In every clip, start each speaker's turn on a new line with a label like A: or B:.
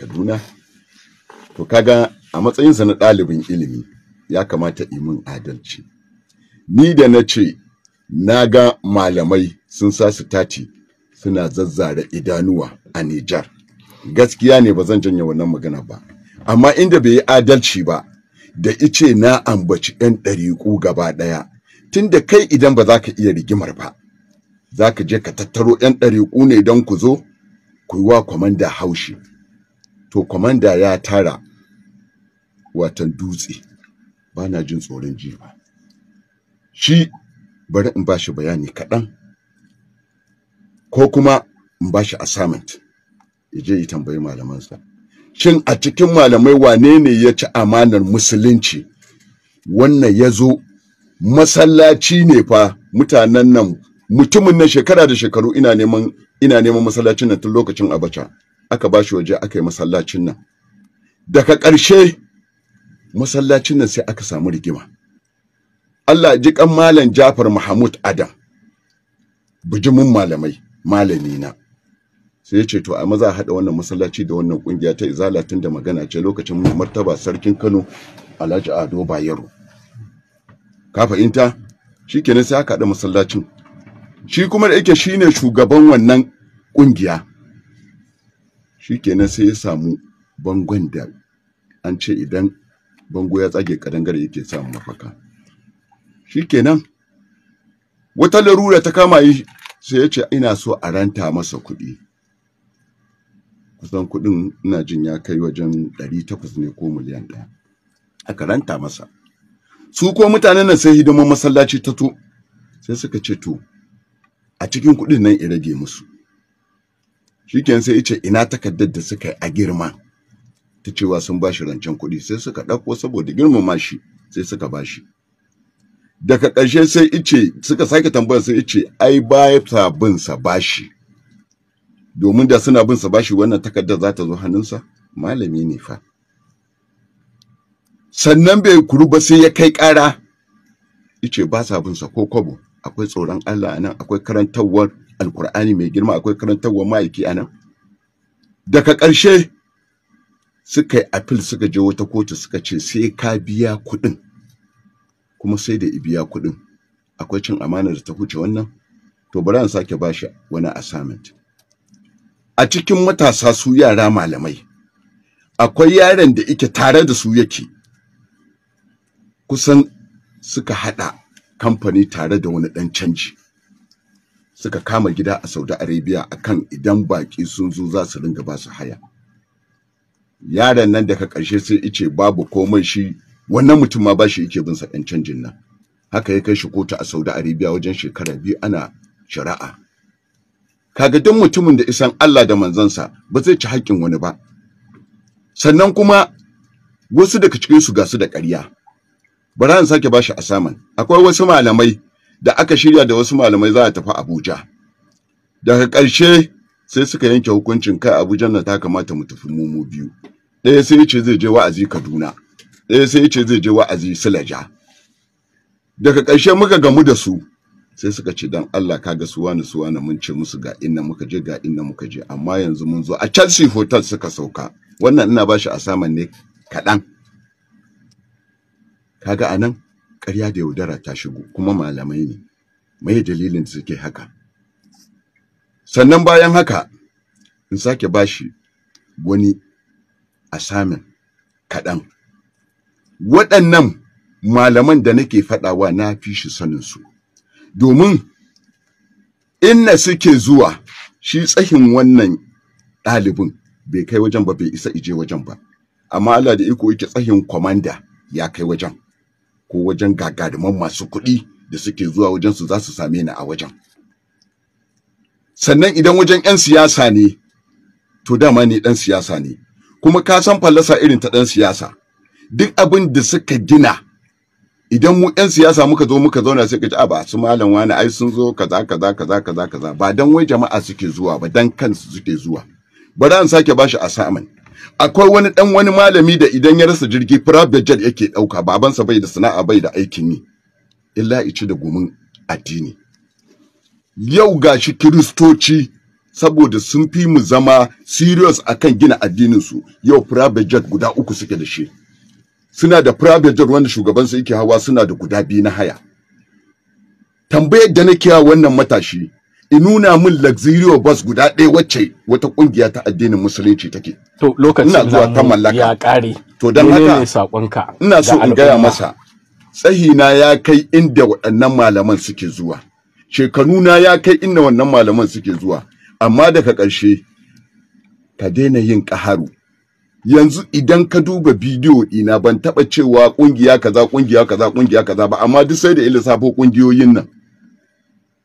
A: kaduna to kaga a matsayinsa na ɗalibin ilimi ya kamata imin adalci ni da na ce na ga malamai sun sa su tati suna zazzara idanuwa a nijar gaskiya ne ba zan janye wannan magana ba amma inda bai yi adalci ba da ice na ambaci 'yan ɗariƙu gaba ɗaya tun da kai idan ba za ka iya rigimar ba za ka je ka tattaro 'yan ɗariƙu ne don ku zo ku yi wa kwamanda haushi to kwamanda ya tara watan dutse ba na jin tsoron ba. shi bari in bashi bayani kaɗan ko kuma in bashi assignment ya je yi tambayi malamansa shin a cikin malamai wane ne ya ci amanar musulunci wannan ya zo masallaci ne fa mutanen nan mutumin na shekara da shekaru ina neman ina neman masallacin nan tun lokacin abacha aka ba shi waje aka yi masallacin nan daga ƙarshe masallacin nan sai aka samu rigima Allah ji kan malam Jafar Mahmud Adam bijimin malamai malami na sai ya ce to a maza haɗa wannan masallaci da wannan kungiya ta izala tun da magana ce lokacin mai martaba sarkin Kano Alhaji Ado Bayero ka fahimta shikenan sai aka haɗa masallacin shi kuma da yake shine shugaban wannan kungiya shikenan sai ya samu bangon da an ce idan bango ya tsage kadangare yake samu mafaka shikenan wata larura ta kama yi sai ya ce ina so a ranta masa kuɗi kusan kuɗin ina jin ya kai wajen ɗari takwas ne ko miliyan ɗaya aka ranta masa su ko mutanen nan sai hidimar masallaci ta to sai suka ce to a cikin kuɗin nan ya rage musu shikenan sai ice ina takardar da suka yi a girma ta cewa sun ba shi rancen kuɗi sai suka ɗauko saboda girmama shi sai suka ba shi daga ƙarshe sai ce suka sake tambayar sai ice ai ba sa bin sa bashi domin da suna bin sa bashi wannan takardar za ta zo hannunsa malami ne fa sannan bai kuru ba sai ya kai ƙara ice ba sa bin sa ko kwabo akwai tsoron Allah nan akwai karantawar alkur'ani mai girma akwai karantarwa ma'aiki a nan daga ƙarshe suka yi apil suka je wata kotu suka ce sai ka biya kuɗin kuma sai da biya kuɗin akwai cin amana da ta huce wannan to bari an sake shi wani assignment a cikin matasa su yara malamai akwai yaran da ike tare da su yake kusan suka haɗa kamfani tare da wani ɗan canji suka kama gida a Saudi Arabia akan idan baki sun zo za su ringa ba su haya yaron nan daga ƙarshe sai ice babu komai shi wannan mutum ma ba shi yake bin sa ɗan canjin nan haka ya kai shi kotu a Saudi Arabia wajen shekara biyu ana shari'a kaga duk mutumin da isan Allah da manzansa ba zai ci haƙƙin wani ba sannan kuma wasu daga cikin su ga su da ƙarya Bara an sake bashi asaman akwai wasu malamai da aka shirya da wasu malamai za a tafi abuja daga ƙarshe sai suka yanke hukuncin kai abuja na ta kamata mu tafi mu biyu ɗaya sai ce zai je wa'azi kaduna ɗaya sai ce zai je wa'azi silaja daga ƙarshe muka gamu da su sai suka ce dan Allah kaga su wani su wani mun ce musu ga inna muka je ga inna muka je amma yanzu mun zo a Chelsea hotel suka sauka wannan ina ba shi asaman ne kaɗan kaga anan ƙarya da yaudara ta shigo kuma malamai ne mai dalilin da suke haka sannan bayan haka in sake bashi wani asamin kaɗan waɗannan malaman da nake faɗawa na fi shi sanin su domin inna suke zuwa shi tsahin wannan ɗalibin bai kai wajen ba bai isa ije wajen ba amma Allah da iko yake tsahin kwamanda ya kai wajen ko wajen gagaruman masu kuɗi da suke zuwa wajen su za su same ni a wajen sannan idan wajen 'yan siyasa ne to dama ni ɗan siyasa ne kuma ka san fallasa irin ta ɗan siyasa duk abin da suka gina idan mu 'yan siyasa muka zo muka zauna sai ka ji a ba su malam wani ai sun zo kaza kaza kaza kaza kaza ba dan wai jama'a suke zuwa ba dan kansu suke zuwa bari an sake bashi assignment akwai wani dan wani malami da idan ya rasa jirgi private yake dauka babansa bai da sana'a bai da aikin yi illa ici da gumin addini yau gashi kiristoci saboda sun fi mu zama serious akan gina addinin su yau private guda uku suke da shi suna da private jet wanda shugaban yake hawa suna da guda biyu na haya tambayar da nake wannan matashi nuna min luxurio bus guda ɗaya wacce wata kungiya ta addinin musulunci take to lokacin ina zuwa ta mallaka ya kare to dan haka sakonka ina so in gaya masa tsahina ya kai inda waɗannan malaman suke zuwa na ya kai inda wannan malaman suke zuwa amma daga ƙarshe ka daina yin ƙaharu yanzu idan ka duba bidiyo ɗina ban taɓa cewa ƙungiya kaza ƙungiya kaza ƙungiya kaza ba amma duk sai da ilisa ko ƙungiyoyin nan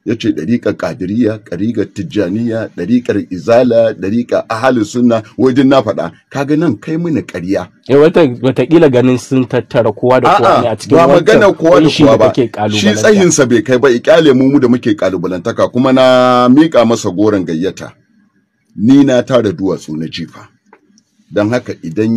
A: ya ce ɗariƙar ƙadiriya ɗariƙar tijjaniya ɗariƙar izala ɗariƙar ahali sunna wajen na faɗa kaga nan kai mini ƙarya. Eh, wataƙila ganin sun tattara kowa da kowa ne a cikin ba magana kowa da kowa ba shi tsayinsa bai kai ba ikyale mu mu da muke ƙalubalantaka kuma na miƙa masa goron gayyata ni na tara duwatsu na jifa don haka idan